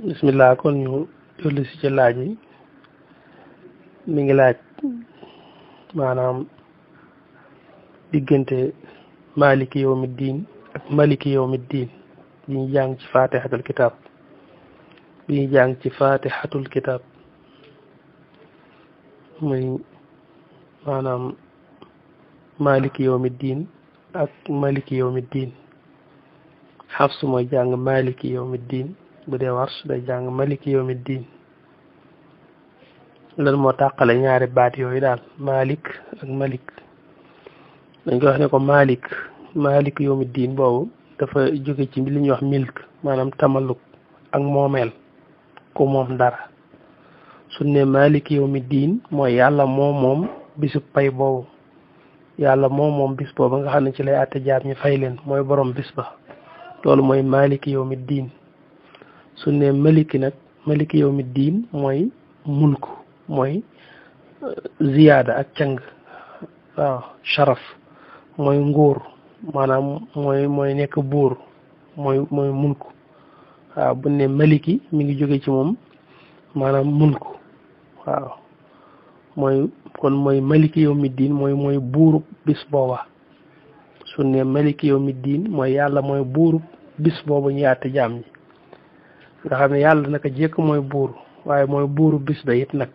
bisimillah kon ñu jolli si ca laaj yi mi ngi laaj maanaam diggante maliki yowmi diin ak maliki yowmi diin bi ñu jàng ci faatixatul kitab bi ñu jàng ci faatixatul kitab muy maanaam maliki yowmi diin ak maliki yowmi diin xafsu mooy jàng maliki yowmi diin bu dee warsh day jàng maliki yawmi diin lan moo tàqale ñaari baat yooyu daal malik ak malik dañ koy wax ne ko malik malik yawmi diin boobu dafa jóge ci li ñuy wax milk maanaam tamaluk ak moomeel ku moom dara su ne malik yawmi diin mooy yàlla moom moom bisu pay boobu yàlla moom moom bis boobu nga xam ne ci lay àtte jaam ñi fay leen mooy borom bis ba loolu mooy malik yawmi diin suñ ne maliki nag maliki yawmi diin mooy mulk mooy euh, ziyaada ak càng waaw sharaf mooy nguur maanaam mooy mooy nekk buur mooy mooy mulk waaw bu ne maliki mi ngi jóge ci moom maanaam mulk waaw mooy kon mooy maliki yawmi diin mooy mooy buurub bis booba su ne maliki yawmi diin mooy yàlla mooy buurub bis booba ñu yaate jaam ñi nga xam ne yàlla naka jekk mooy buur waaye mooy buuru bis ba it nag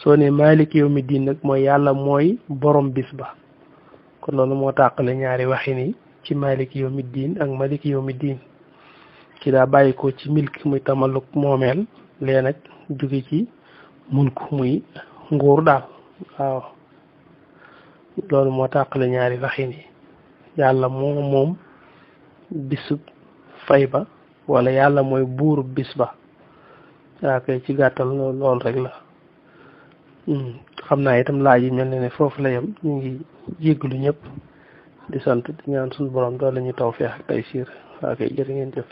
soo ne maaliki yawmi diin mooy yàlla mooy boroom bis ba kon loolu moo tàqale ñaari waxi ni ci maaliki ak maaliki yawmi diin ki ci milk muy tamaluk moomeel lee nag jóge ci mulk muy moo tàqale ñaari waxi ni yàlla moom moom bisub fay ba wala yàlla mooy buur bis ba yaa koy ci gàttal lool rek la hmm. xam naa itam laaj yi mel ne ne foofu la yem ñu ngi jéggalu ñëpp di sant di ñaan suñu borom doole ñu tawfeex ak taysiir waa koy jërë ngeen jëf